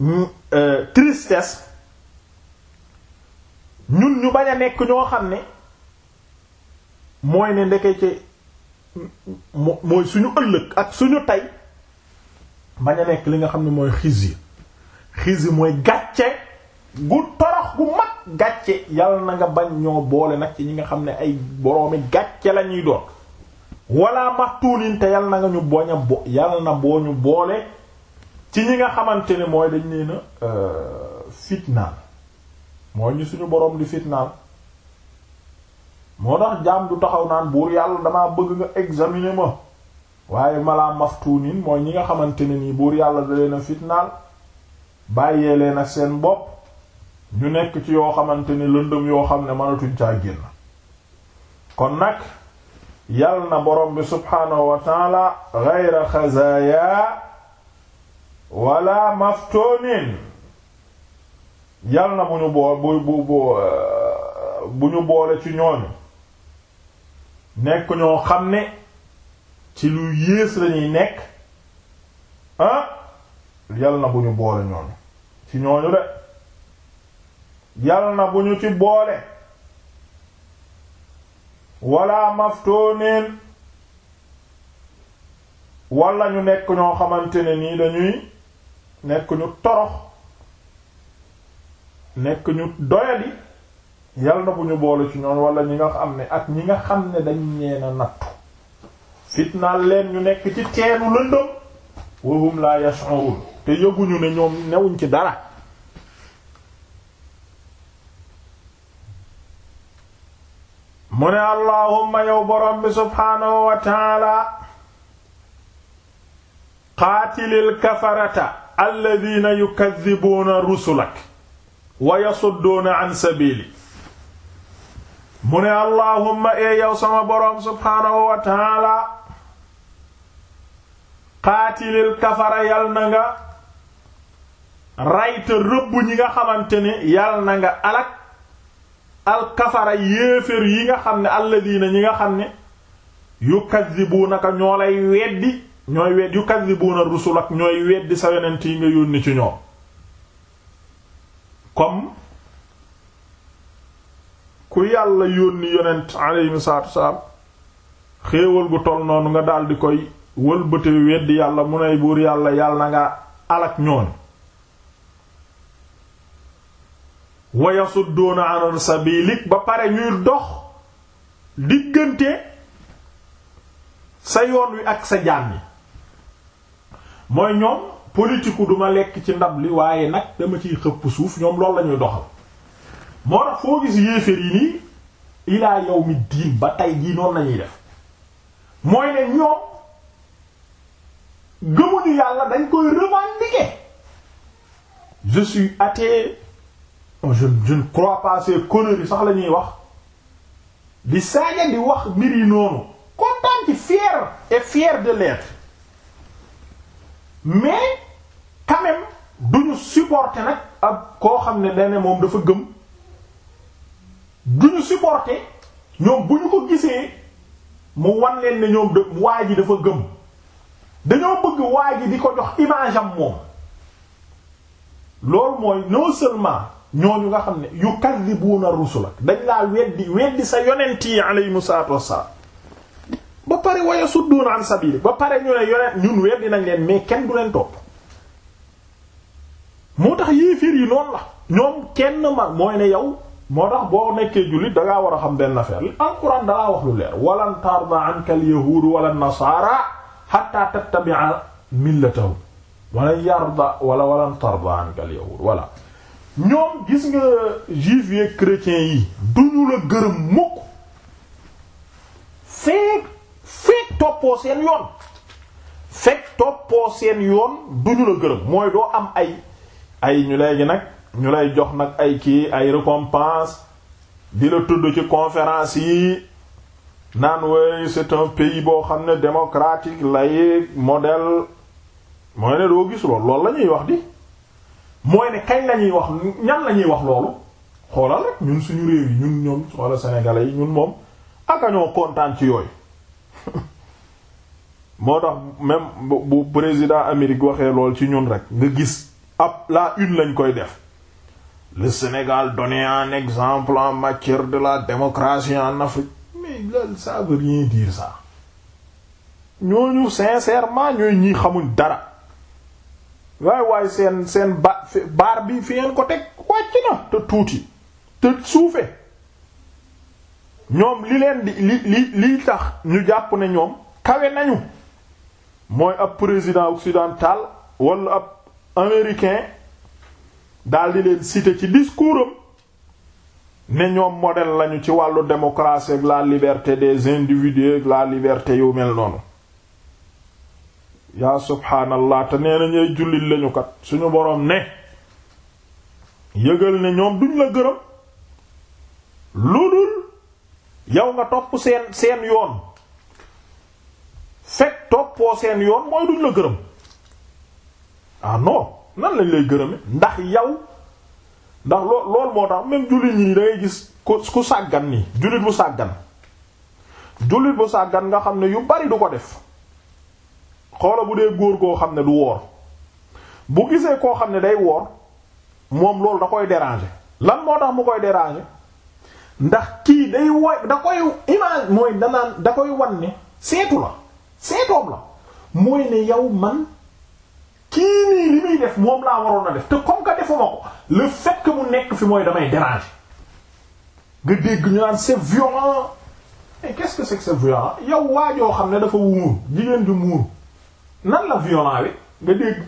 mm, euh, tristesse ñun ñu bañ a nekk ñoo xam ne mooy ne ndeke ci mm, mm, mooy suñu ëllëg ak suñu tey bañ a nekk li nga xam ne mooy xiis xizyi mooy gàcce gu torox gu mag gàcce yàlla na nga bañ ñoo boole nag ci ñi nga xam ne ay boroomi gàcce la ñuy doon wala maxtuulin te yàlla na nga ñu boñ a yàlla na boo ñu boole ci ñi nga xamante ne mooy dañ nee na euh, fitnaal mooy ñu suñu boroom di fitnaal moo tax jaam du taxaw naan buur yàlla damaa bëgg nga examiner ma waaye malaa maftunin mooy ñi nga xamante ne nii buur yàlla da leen a fitnaal bàyyee leen a seen bopp ñu nekk ci yoo xamante ne lëndëm yoo xam ne mënatuñ caa génn kon nag yal na borom bi subhaanahu wa taala gayra xazaaya wala maftunin yal na bu ñu bool bu bu bu ñu boole ci ñooñu nekk ñoo xam ne ci lu yées lañuy nekk ah yal na bu ñu boole ñooñu ci ñooñu de yal na bu ñu ci boole wala maftooneen wala ñu nekk ñoo xamante ne nii dañuy nekk ñu torox nekk ñu doyadi yal na bu ñu boole ci ñoon wala ñi nga am ne ak ñi nga xam ne dañ ñeena nattu fitnaal leen ñu nekk ci teenu lëndëm wahum la yash'urun te yëguñu ne ñoom newuñ ci dara mu ne allahumma yow borom bi subhaanahu wa taala qaatilil kafarata alladina yukaddibuuna rusulak wa yasudduuna an sabili mu ne allahumma ee yow sama borom subhaanahu wa taala xaatilil kafara yal na nga rayta rëbb ñi nga xamante ni yal na nga alak alkafara yéefér yi nga xam ne alladina ñi nga xam ne yukazibuna ka ñoo lay weddi ñooy wedd yukazibuna rusul ak ñooy weddi sa yonent yi nga yónni ci ñoom comme ku yàlla yónni yonent aleyhim salaatu wasalaam xéewal gu toll noonu nga daldi koy wëlbate weddi yàlla mu nay buur yàlla yàlla na nga alak ñoon wa yasudduuna an sabilik ba pare ñuy dox diggante sa yoon wi ak sa jaan yi mooy ñoom politiku duma lekk ci ndab li waaye nag dama ciy xëpp suuf ñoom loolu lañuy ñuy doxal moo tax foo gis yéeféer yi nii ilaa yawmi diin ba tey jii noonu lañuy def mooy ne ñoom gëmuñu yàlla dañ koy revendiquer je suis athée je je ne crois pas sax lañuy wax di saaja di wax mbir yi noonu kontaan ci fier et fier de l'être mais quand même duñu supporter nag ab koo xam ne dane moom dafa gëm duñu supporter ñoom bu ñu ko gisee mu wan leen ne ñoom de waa ji dafa gëm dañoo bëgg waa ji di ko jox image am moom loolu mooy non seulement ñooñu nga xam ne yu kaddibuuna rusulak dañ laa weddi weddi sa yonent yi aleyhimu salaatu wassalaam ba pare waya sudduuna an sabili ba pare ñu ne yonent ñun weddi nañ leen mais kenn du leen topp moo tax yéeféer yi noonu la ñoom kenn ma mooy ne yow moo tax boo nekkee jullit dangaa war a xam benn affaire li alxuraan dalaa wax lu leer walan tarda anka al nasaara hatta tattabi'a millatahu wala yarda wala walan tarda anka al yahud wala ñoom gis nga juifs yeek chrétiens yi duñu la gërëm mukk feek feek toppoo seen yoon fekk toppoo seen yoon duñu la gërëm mooy doo am ay ay ñu léegi nag ñu lay jox nag ay kii ay récompense di la tudd ci conférence yi naan way c'est un pays boo xam ne démocratique laïque modèle mooy ne doo gis loolu loolu la ñuy wax di mooy ne kañ la wax ñan la wax loolu xoolal rek ñun suñu réew yi ñun ñoom xoolal sénégalais yi ñun moom aka ñoo kontaan ci yooyu moo tax même bu président Amérique waxee lool ci ñun rek nga gis ab la une lañ koy def le Sénégal donne en exemple en matière de la démocratie en Afrique la ça veut ñooñu sincèrement ñooy ñii xamuñ dara waaye waaye seen seen baar bi fi ngeen ko teg wàcc na te tuuti te suufe ñoom li leen li li liy tax ñu jàpp ne ñoom kawe nañu mooy ab président occidental wala ab américain daal di leen citer ci discours am ne ñoom model lañu ci wàllu démocratie ak la liberté des individus ak la liberté yu mel noonu yaa subhaanallah te nee nañ ay jullit lañu kat suñu boroom ne yëgal ne ñoom duñ la gërëm lu dul yow nga topp seen seen yoon fekk toppoo seen yoon mooy duñ la gërëm ah non nan lañ lay gërëme ndax yow ndax loo loolu moo tax même jullit ñi dangay gis ku ku sàggan nii jullit bu sàggan jullit bu sàggan nga xam ne yu bari du ko def xoola bu dee góor koo xam ne du woor bu gisee koo xam ne day woor moom loolu da koy déranger lan moo tax mu koy déranger ndax kii day woy da koy image mooy danaan da koy wan ne seetu la seetoom la mooy ne yow man kii nii li muy def moom laa waroon a def te comme que defuma ko le fait que nekk fi mooy damay déranger nga dégg ñu naan c'est violent quest que c'est que yow waajoo xam ne dafa muur jigéen ju muur nan la violent wi nga dégg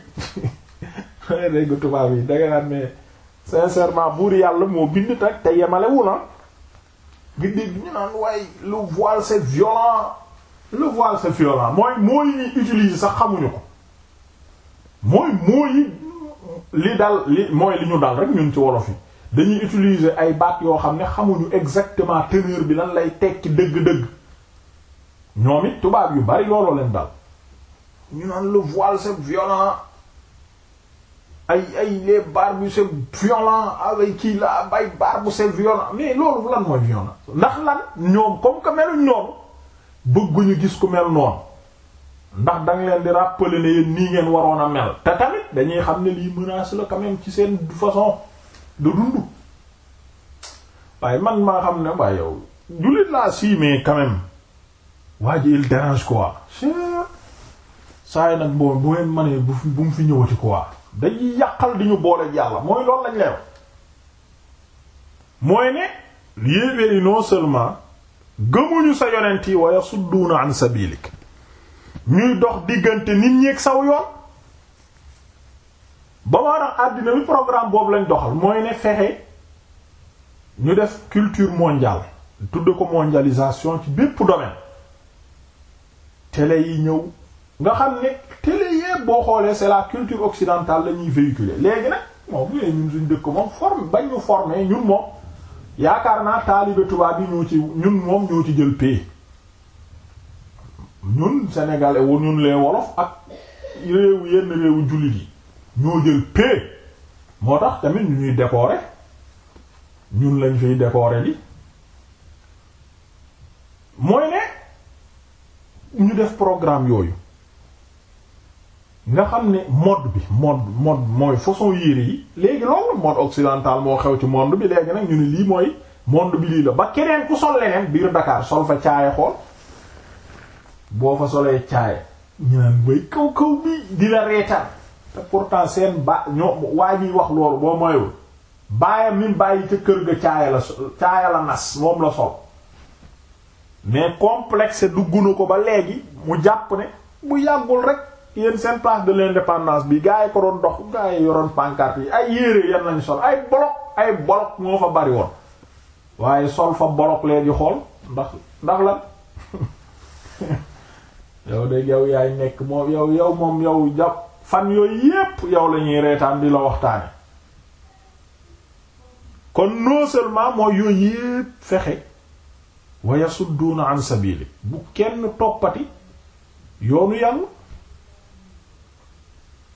nga dégg tubaab yi da nga naan mais buur yàlla moo bind tak te yemalewul ah nga dégg ñu naan waaye le voile c'est violent voile c'est mooy mooy ñuy utiliser sax xamuñu ko. mooy mooy li dal li mooy li ñu dal rek ñun ci wolof yi dañuy utiliser ay baat yoo xam ne xamuñu exactement teneur bi lan lay tekki dëgg-dëgg ñoom it tubaab yu bari looloo leen dal ñu naan le voile c'est violent ay ay les barbes c'est violent avec kii la bay barbe c'est violent mais loolu lan mooy violent ndax lan ñoom comme que meluñ noonu bëgguñu gis ku mel noonu ndax danga leen di rappeler ne yéen nii ngeen waroon a mel te tamit dañuy xam ne lii menace la quand même ci seen façon de dund waaye man maa xam ne waaye yow jullit laa sii mais quand il dérange quoi saa yi nag boo bu ngeen mënee bu mu fi ñëwati quoi dañuy yàqal di ñu boole yàlla mooy loolu lañ leew mooy ne yéeféer yi non seulement gëmuñu sa yonent yi waaye sudduuna sa sabilik ñuy dox diggante nit ñeeg saw yoon ba moo tax àddina bi programme boobu lañ doxal mooy ne fexe ñu def culture mondiale tudd ko mondialisation ci bépp domaine télé yi ñëw nga xam ne télé yépp boo xoolee c'est la culture occidentale la ñuy véhiculer léegi nag moom bu ñun suñ dëkk moom forme bañ ñu former ñun moom yaakaar naa taalibe tubaab yi ñoo ci ñun moom ñu ci jël pay ñun sénégalais wu ñun les wolof ak réew yenn réewu jullit yi ñoo jël paie moo tax tamit ñu ñuy décorer ñun lañ fiy décorer li mooy ne ñu def programme yooyu nga xam ne mode bi mode mode mooy façon yére yi léegi loolu mode occidental moo xew ci monde bi léegi nag ñu ne lii mooy monde bi lii la ba keneen ku sol leneen biir Dakar sol fa caaya xool boo fa solee caaya ñu naan bay kaw kaw bi di la te pourtant seen ba ñoo waa ñuy wax loolu boo moywul baayam min bàyyi ca kër ga caaya la caaya la nas moom la sol mais complexe dugg na ko ba léegi mu jàpp ne bu yàggul rek yéen seen place de l'indépendance bi gaa yi ko doon dox gaa yoroon pancarte yi ay yére yan lañu sol ay bolok ay bolok moo fa bari woon waaye sol fa bolok léegi xool ndax ndax la yow de yow yaay nekk moom yow yow moom yow jàpp fan yooyu yépp yow lañuy ñuy reetaan di la waxtaane kon non seulement mooy yooyu yépp fexe waya yasudduuna an sabili bu kenn toppati yoonu yàlla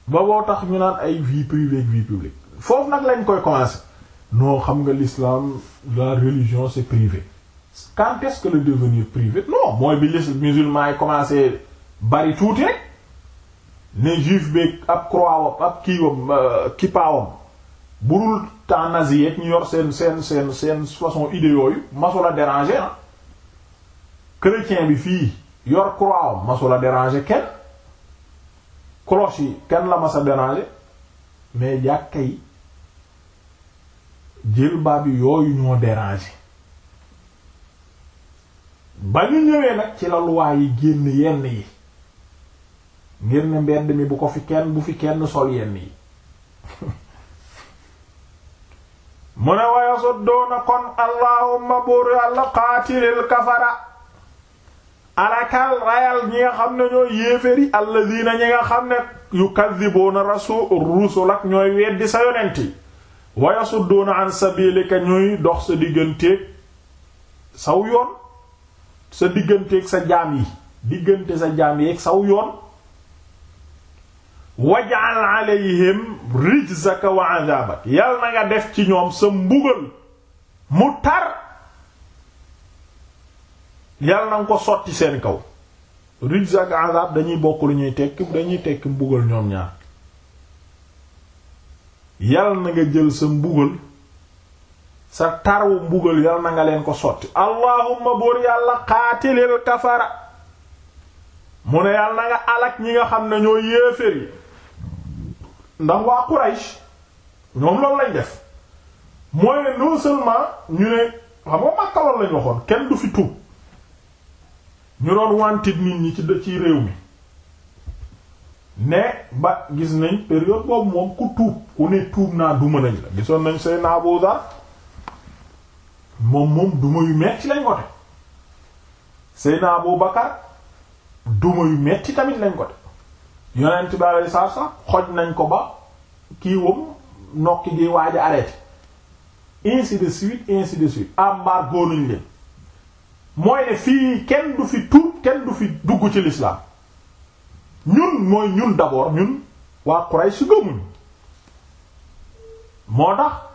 ba boo tax ñu naan ay vie privée vie publique foofu nag lañ koy commencer noo xam nga l'islam la religion c'est privé quand est-ce que le devenir privé non mooy bi les yi commencé bari tuuti rek ne juif beeg ab croix ab kiiwam euh, kippaawam burul temps nazi yeeg ñu yor seen seen seen seen façon idée yooyu masul a déranger ah chrétien bi fii yor croix masul a déranger kenn cloche yi kenn la mas derange mais jàkka yi jël baab yi yooyu ñoo déranger. ba ñu ñëwee nag ci la loi yi génn yenn yi ngir ne mbedd mi bu ko fi kenn bu fi kenn sol yenn yi mu ne waya doona kon allahumma buur yàlla qaatilil nga xam ne ñooy yéeféri alladina ñi nga xam ne yukaddibuuna rasul rusul ak ñooy weddi sa yonent yi waya doona an ñuy dox sa digganteeg saw sa digganteeg sa jaam yi diggante sa jaam yi ak saw yoon waj'al alayhim rijzaka wa azabak yal na nga def ci ñoom sa mbugal mu tar yal na nga ko sotti seen kaw rijzak azab dañuy bokk lu tekk tekki dañuy tekki mbugal ñoom ñaar yal na nga jël sa mbugal sa tarwu mbugal yal na nga leen ko sotti allahumma buur yàlla xaatilil kafara mu ne yàlla na nga alak ñi nga xam ne ñoo yéefér yi ndax waa Quraysh ñoom loolu lañ def mooy ne non seulement ñu ne xam nga Makka loolu lañ kenn du fi tuub ñu doon wantit nit ñi ci ci réew mi ne ba gis nañ période boobu moom ku tuub ku ne tuub naa duma nañ la gisoon nañ say naaboo moom moom duma yu metti lañ ko teg Seydina Abu Bakar duma yu metti tamit lañ ko teg yonent bi alei saatu xoj nañ ko ba kii wam nokki gi waaj a arrêté ainsi de suite ainsi de suite ambar góonuñ leen mooy ne fii kenn du fi tuub kenn du fi dugg ci l'islam ñun mooy ñun d'abord ñun waa Quraysh si moo tax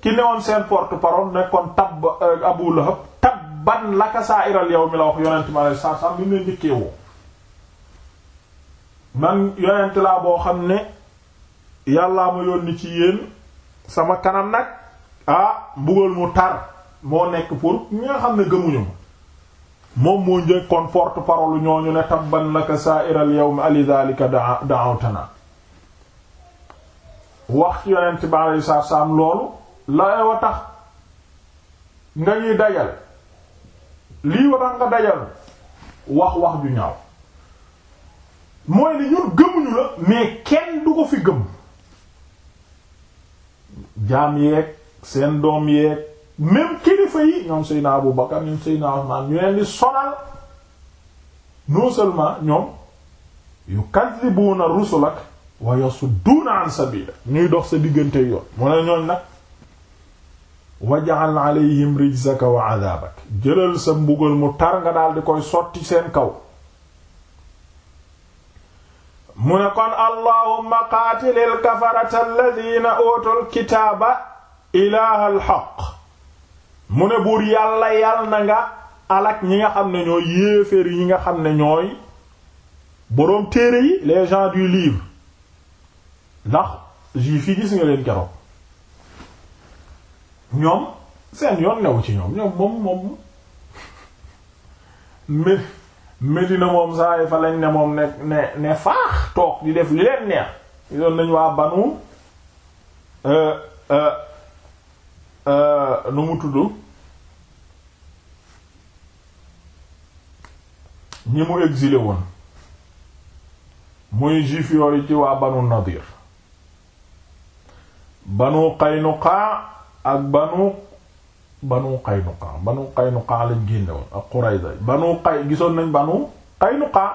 ki woon seen porte-parole nekkoon tab euh, Abu Lahab tabban laka sa'iral yawmi la wax yonent mi alayhi salaatu salaam bi mu njëkkee woo man yonent laa boo xam ne yàllaa ma yónni ci yéen sama kanam nag ah mbugal mu tar moo nekk pour ñi xam ne gëmuñu ma moom moo njëkkoon porte-parole ñooñu ne tabban laka sa'iral yawmi alidhalika da'awtana wax yonent bi alayhi salaatu loolu la wa tax nga ñuy dajal lii wa nga dajal wax wax ju ñaaw mooy ni ñun gëmuñu la mais kenn du ko fi gëm jaam yeeg seen doom yeeg même kilifa yi ñoom Seydina Abu Bakar ñoom Seydina Usman ñu leen di sonal non seulement ñoom yukadhibuna rusulak wa yasudduuna an sabila ñuy dox sa diggante yoon mu ne ñooñ nag waj'al alayhim rijzaka wa adhaabak jëlal sa mbugal mu tar nga daal di koy sotti seen kaw mu ne kon allahumma qaatilil kafarata alladhina utul kitaaba ilaahal haqq mu ne buur yàlla yàlla na nga alak ñi nga xam ne ñooy yéeféer yi nga xam ne ñooy boroom téere yi les gens du livre ndax juif yi gis nga leen keroog ñoom seen yoon newu ci ñoom ñoom moom moom mé Medina moom saa yi fa lañ ne moom ne ne ne faax toog di def leen neex yoon nañ waa banu euh, euh, euh, nu mu tudd ñi mu exilé woon muy juif yooyu ci waa banu Nadir banu Qaynuqa ak banu banu Qaynuqa banu Qaynuqa lañ génne woon ak Qurayza banu Qay gisoon nañ banu Qaynuqa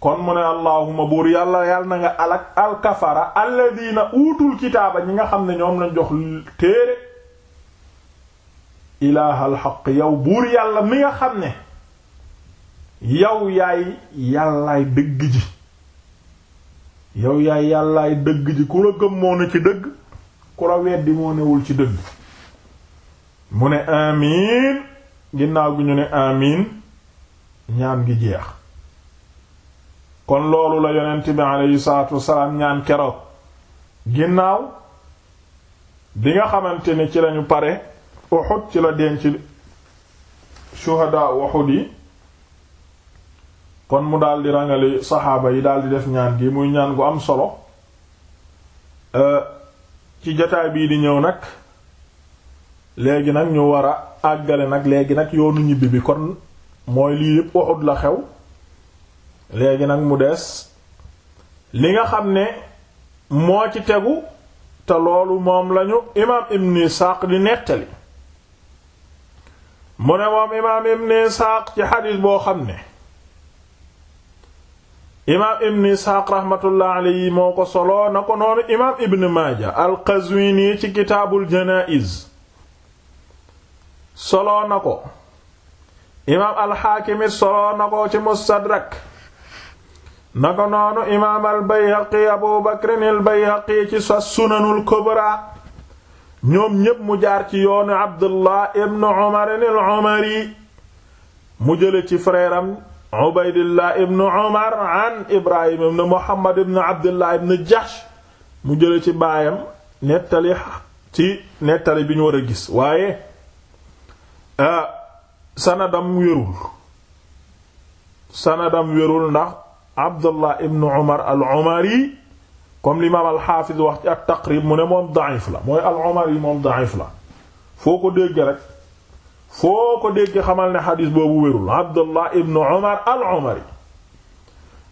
kon mu ne allahuma buur yàlla yàlla na nga alak alkafara alladina uutul kitaaba ñi nga xam ne ñoom lañ jox téere ilaha alxaq yow buur yàlla mi nga xam ne yow yaay yàllaay dëgg ji yow yaay yàllaay dëgg ji ku la gëm moo na ci dëgg ku la weddi moo newul ci dëgg mu ne amiin ginnaaw gi ñu ne amiin ñaan gi jeex kon loolu la yonent bi aleyhi salaatu wasalaam ñaan keroog ginnaaw bi nga xamante ni ci lañu pare Uhud ci la denc shuhadaa Uhud yi kon mu daldi ràngale saxaaba yi di def ñaan gi muy ñaan gu am solo euh, ci jotaay bii di ñëw nag léegi nag ñu war a àggale nag léegi nag yoonu ñibbi bi kon mooy lii yépp Uhud la xew léegi nag mu des li nga xam ne moo ci tegu te loolu moom lañu imaam Ibn Isaaq di nettali mu ne moom imaam Ibn Isaaq ci xadiis boo xam ne imaam ibn isxaaq rahmatullah moo ko soloo na ko noonu imaam ibn maaja al-qazwini ci kitaabul janaa'iz soloo na ko imaam al-xaakimi soloo na ko ci mustadrak na ko noonu imaam al-bayhaqi abu bakrin al-bayhaqi ci sa sunanul kubra ñoom ñépp mu jaar ci yoonu abdullah ibn umar al-umari mu jële ci frère ubaydillah ibn umar an ibrahim ibn muhammad ci baayam nettali ci nettali bi ñu war gis waaye sanadam wérul sanadam wérul ndax abdullah ibn umar al umari comme l'imam alxaafiz wax ci at taqrib mu ne moom daif la mooy al umari moom daif la foo ko dégg foo ko dégg xamal ne xadis boobu wérul abdullah ibnu omar al omari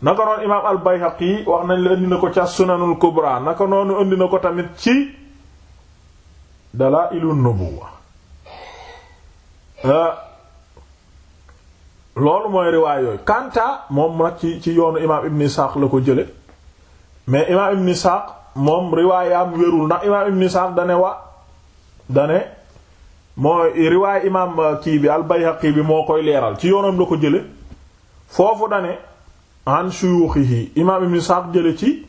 naka noonu imaam al bayhaqi wax nañ la indi na ko ca sunanul kubra naka noonu indi na ko tamit ci dalailu nubuwa euh, loolu mooy riwaay yooyu moom nag ci ci yoonu imaam ibn isxaaq la ko jële mais imaam ibn isxaaq moom riwaayam wérul ndax imaam ibn isxaaq dane wa dane mooy riwaay imaam euh, kii bi al-Bayhaqi bi moo koy leeral ci yoonam la ko jële foofu dane an shuyuuxihi imaam ibn Sa'd jële ci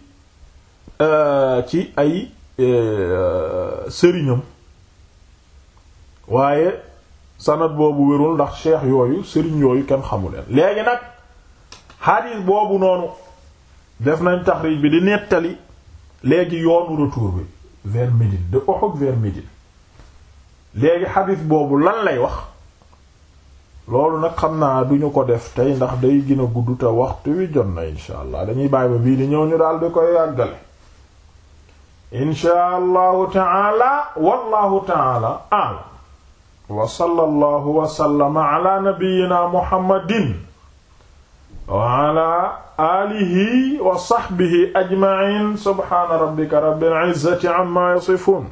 euh, ci ay euh, sëriñam waaye sanad boobu wérul ndax cheikh yooyu sëriñ yooyu kenn xamu leen léegi nag xadiis boobu noonu def nañ taxriij bi di nettali léegi yoonu retour bi vers Médine de Ouhoud vers Médine léegi xadis boobu lan lay wax loolu nag xam naa duñu ko def tey ndax day gën a gudd waxtu wi jot na insha allah dañuy bàyyi ba bii di ñëw ñu daal di koy yàggale insha allahu taala wallahu taala a'lam wa sallallahu wa sallama ala nabiyyina muhammadin wa ala alihi wa sahbihi ajma'in subhana rabbika rabbil izzati amma yasifun